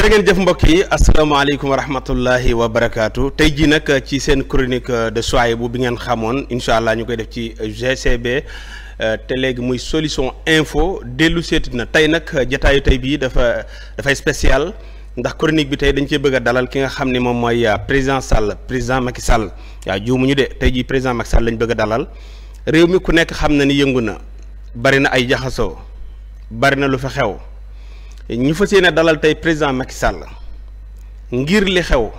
jërë ngeen jëf mbokk yi asalaamaaleykum wa rahmatullahi wa barakaatu tey jii nag ci seen chronique de Souhaïbou bi ngeen xamoon incha allah ñu koy def ci GCB euh, te léegi muy solution info dellu seetit na tey nag jataayu tey bii dafa dafay spécial ndax chronique bi tey dañ cee bëgg dalal ki nga xam ni moom mooy euh, président Sall président Macky Sall waaw juumuñu de tey jii président Macky Sall lañ bëgg dalal réew mi ku nekk xam na ni yëngu na bari na ay jaxasoo bari na lu fa xew. ñu fas yéene dalal tey président Macky Sall ngir li xew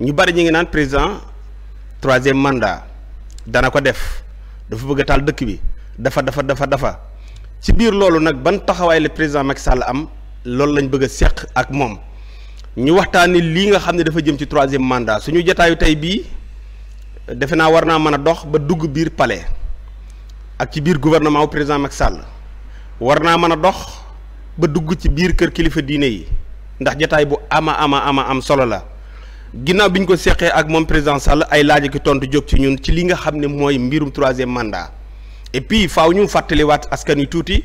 ñu bari ñu ngi naan président troisième mandat dana ko def dafa bëgg a taal dëkk bi dafa dafa dafa dafa ci biir loolu nag ban taxawaay la président Macky am loolu lañ bëgg a seq ak moom ñu waxtaanee lii nga xam ne dafa jëm ci troisième mandat suñu jotaayu tey bii defe naa war naa mën a dox ba dugg biir pale ak ci biir gouvernement wu président Macky Sall war naa mën a dox. ba dugg ci biir kër kilifa diine yi ndax jataay bu ama ama ama am solo la ginnaaw bi ñu ko seqee ak moom président Sall ay laaj ki tontu jóg ci ñun ci li nga xam ne mooy mbirum troisième mandat et puis faaw ñu fàttaliwaat askan wi tuuti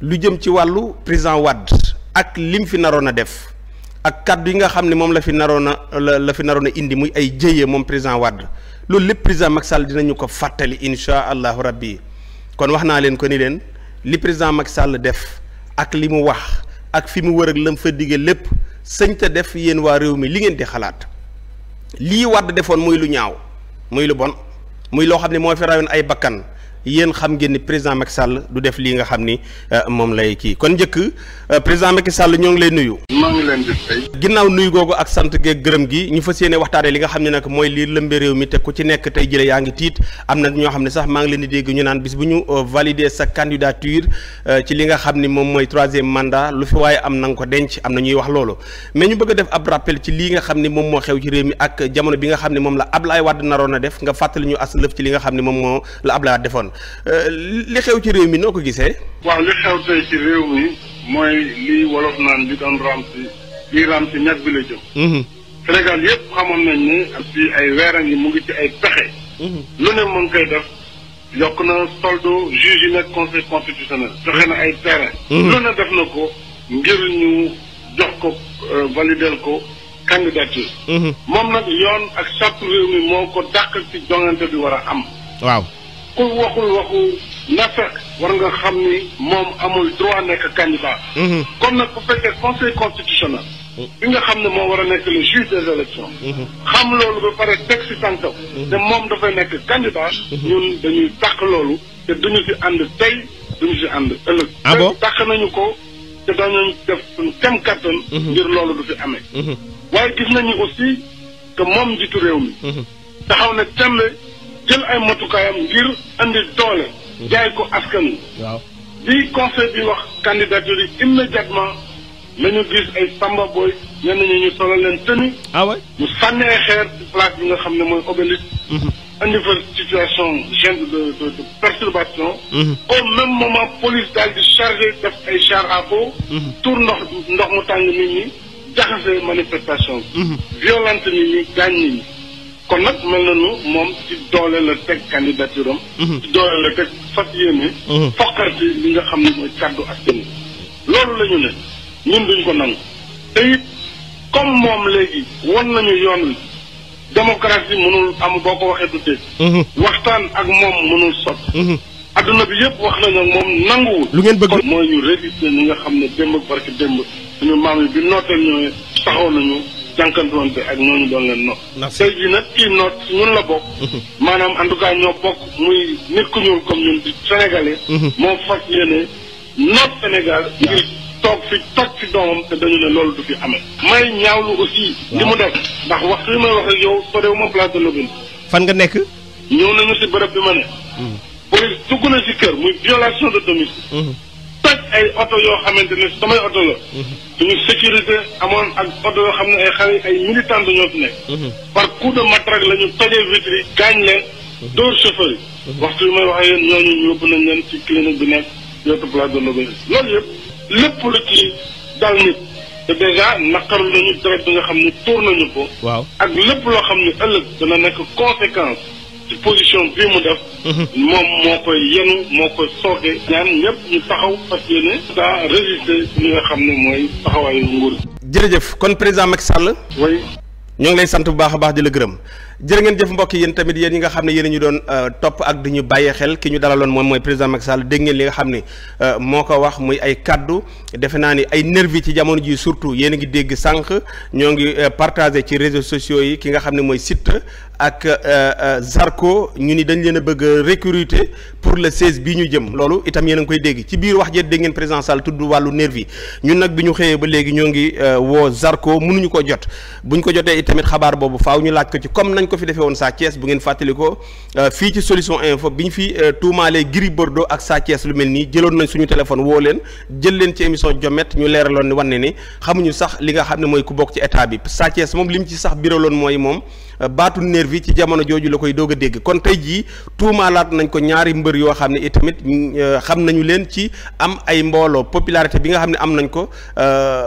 lu jëm ci wàllu président Wade ak li mu fi naroon a def ak kàddu yi nga xam ne moom la fi naroon a la la fi naroon a indi muy ay jëyee moom président Wade loolu lépp président Macky Sall dinañu ko fàttali incha allahu rabbi kon wax naa leen ko ni leen li président Macky Sall def. ak li mu wax ak fi mu wër ak lam fa digge lépp sëñ te def yéen waa réew mi li ngeen di xalaat lii Wàdd defoon muy lu ñaaw muy lu bon muy loo xam ne moo fi rayoon ay bakkan yéen xam ngeen ni président Macky Sall du def lii nga xam ni euh, moom lay kii kon njëkk euh, président Macky Sall ñoo ngi lay nuyu. maa ngi leen di ginnaaw nuyu googu ak sant geeg gërëm gi ñu fas yéene waxtaanee li nga xam ne nag mooy lii lëmbe réew mi te ku ci nekk tey jële yaa tiit am na ñoo xam ne sax maa ngi leen di dégg ñu naan bis bu ñu euh, valider sa candidature li nga xam ni moom mooy troisième mandat lu fi waaye am na ko denc am na ñuy wax loolu mais ñu bëgg a def ab rappel ci lii nga xam ni moom moo xew ci réew mi ak jamono bi nga xam ne moom la Ablaye Wade naroon a def nga fàttali ñu as lëf ci li nga xam ne moom moo la Ablaye Wade Ousmane euh, li xew ci réew mi noo ko gisee. waaw li xew tey ci réew mi mooy lii wolof naan bi doon raam si lii raam si ñett bi la jëm. Mhm. Sénégal yëpp xamoon nañ ne fii ay weeran yi mu ngi ci ay pexe. Mhm. lu ne mu ngi def yokk na soldo juge yi nekk conseil constitutionnel joxe na ay terrain. Mhm. lu ne def na ko ngir ñu jox ko euh, valider ko. candidature moom nag yoon ak charte réew mi moo ko dàq ci jongante bi war a am waaw ku waxul waxu na war nga xam ni moom amul droit nekk candidat. Mhm. kon nag bu fekkee conseil constitutionnel. Mhm. bi nga xam ne moo war a nekk li juge des élections mhm. xam loolu ba pare teg si tànkam te moom dafay nekk candidat ñun dañuy dàq loolu te duñu si ànd tey duñu si ànd ëllëg ah bon nañu ko te dañu def suñu kem ngir loolu du fi amee waaye gis nañu aussi que moom njiitu réew mi taxaw na tembe jël ay matukaayam ngir andi doole. jaay ko askan wi. waaw lii conseil bi wax candidature yi immédiatement la gis ay Samba Boy ñenn ñi ñu solo leen tëni. ah waay ñu sànni ay xeer ci place bi nga xam ne mooy obélisque. indi mhm. fa situation gêne de de de perturbation. Mhm. au même moment police daal di chargé def ay char à peau. Mhm. tour ndox ndox mu tàng nit ñi jaxase manifestation bi. nit ñi gaañ nit ñi. kon nag mel na ñu moom ci doole la teg candidature am. Mhm. ci doole la teg fas yéene. Mhm. foqarti li nga xam ne mooy kàddu ak wi. loolu la ñu ne ñun duñ ko nangu te comme moom léegi won nañu yoon wi démocratie mënul am boo ko waxee du dégg. Mhm. waxtaan ak moom mënul sot adduna bi yëpp wax nañu ak moom nanguwul. lu ngeen bëgg kon mooy ñu résister ñi nga xam ne démb barki démb suñu maam yi bi nooteel ñooy saxoo nañu. jànkandoon bi ak ñooñu doon leen noot. tey jii nag kii noot ñun la bokk. maanaam en tout cas ñoo bokk muy nit ku ñuul comme ñun di sénégalais. Mhm. moo fas yéene noot Sénégal ngir toog fi toj fi doomam te dañu ne loolu du fi amee. may ñaawlu aussi. li mu def ndax wax li may wax ak yow sorewu ma place de Lobine. fan nga nekk. ñëw nañu si bërëb bi ma ne. Mhm. police dugg na si kër muy violation de domicile. Mhm. ay oto yoo xamante ni ne samay oto la. suñu mhm. sécurité amoon ak oto yoo xam ne ay xale ay militant ñoo fi nekk. Mhm. par coup de matraque la ñu tojee vitre yi gaañ leen. Mhm. dóor chauffeur yi. waxtu bi may wax ak yéen ñooñu yóbbu nañ leen ci clinique bi nekk yottu place de l'Obélisque loolu yëpp lépp lu ci dal nit. te dèjà naqaru nañu deret bi nga xam ne tuur nañu ko. waaw ak lépp loo xam ni ëllëg dana nekk conséquence. ci position bii mu def. Mhm. moom moo koy yenu moo koy soogee. ñaan ñëpp ñu taxaw fas yéene. daa nga xam ne mooy taxawaayu nguur gi. jërëjëf kon président max Sall. oui. ñoo ngi lay sant bu baax a baax di la gërëm jërë ngeen jëf mbokk yéen tamit yéen ñi nga xam ne yéen ñu doon euh, topp ak di ñu bàyyi xel ki ñu dalaloon moom mooy président Macky Sall dégg ngeen li nga xam ne euh, moo ko wax muy ay kàddu defe naa ni ay nervi ci jamono ji surtout yéen a ngi dégg sànq ñoo ngi euh, partagé ci réseaux sociaux yi ki nga xam ne mooy site ak euh, euh, Zarko ñu ni dañ leen a bëgg a pour le 16 bi ñu jëm loolu itam yéen a koy dégg ci biir wax jet de ngeen président Sall tudd wàllu nervi ñun nag bi ñu xëyee ba léegi ñoo ngi euh, woo Zarko mënuñu ko jot bu ñu ko jotee itamit xabaar boobu faaw ñu laaj ko ci comme nañ ko fi defee woon Sa Thiès bu ngeen fàttali ko fii ci solution info bi ñu fi tuumaalee Gris Bordeaux ak Sa Thiès lu mel nii jëloon nañ suñu téléphone woo leen jël leen ci émission Jomet ñu leeraloon ni wan ne ni xamuñu sax li nga xam ne mooy ku bokk état bi Sa Thiès moom li mu ci sax biraloon mooy moom baatu nervi fii ci jamono jooju la koy dog a dégg kon tey jii tuumaalaat nañ ko ñaari mbër yoo xam ne itamit euh, xam nañu leen ci am ay mbooloo popularité bi nga xam ne am nañ ko euh,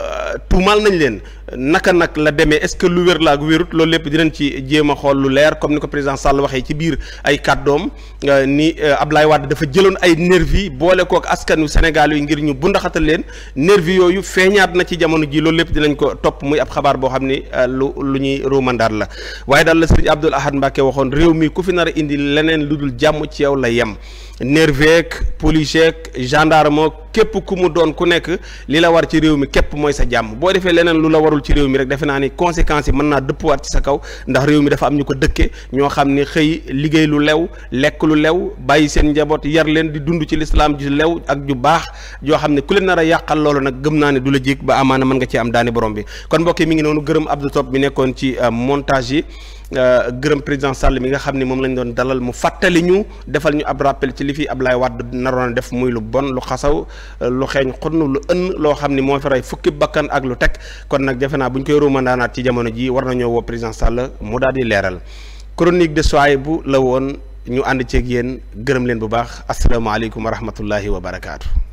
tuumaal nañ leen naka nag la demee est-ce que lu wér la ak wérut loolu lépp dinañ ci jéema a lu leer comme ni ko président Sall waxee ci biir ay kàddoom euh, ni euh, Abdoulaye Wade dafa jëloon ay nervi boole kook askanu Sénégal yi ngir ñu bundaxatal leen nervi yooyu feeñaat na ci jamono ji loolu lépp dinañ ko topp muy ab xabaar boo xam ni euh, lu lu ñuy ruumandaat la waaye daal la sëriñ Abdoul Ahad waxoon réew mi ku fi nar a indi leneen lu dul jàmm ci yow la yem nerveek policeek gendarme képp ku mu doon ku nekk li la war ci réew mi képp mooy sa jàmm boo defee leneen lu la warul ci réew mi rek defe naa ni conséquence yi mën naa dëppwaat ci sa kaw ndax réew mi dafa am ñu ko dëkkee ñoo xam ni xëy liggéey lu lew lekk lu lew bàyyi seen njaboot yar leen di dund ci lislaam ju lew ak ju baax joo xam ne ku leen nar a yàqal loolu nag gëm naa ne du la jéeg ba amaana mën nga ci am daani borom bi kon mbokk mi ngi noonu gërëm Abdou Top mi nekkoon ci euh, montage yi Euh, gërëm président Sall mi nga xam ni moom lañ doon dalal mu fàttali ñu defal ñu ab rappel ci li fi Ablaye Wade naroon def muy lu bon lu xasaw euh, lu xeeñ xunn lu ënn loo xam ni moo fi rey fukki bakkan ak lu teg kon nag defe naa bu ñu koy ruumandaanaat ci jamono ji war nañoo woo président Sall mu daal di leeral chronique de soie bu la woon ñu ànd ceeg yéen gërëm leen bu baax asalaamaaleykum wa rahmatullahi wa barakaatu.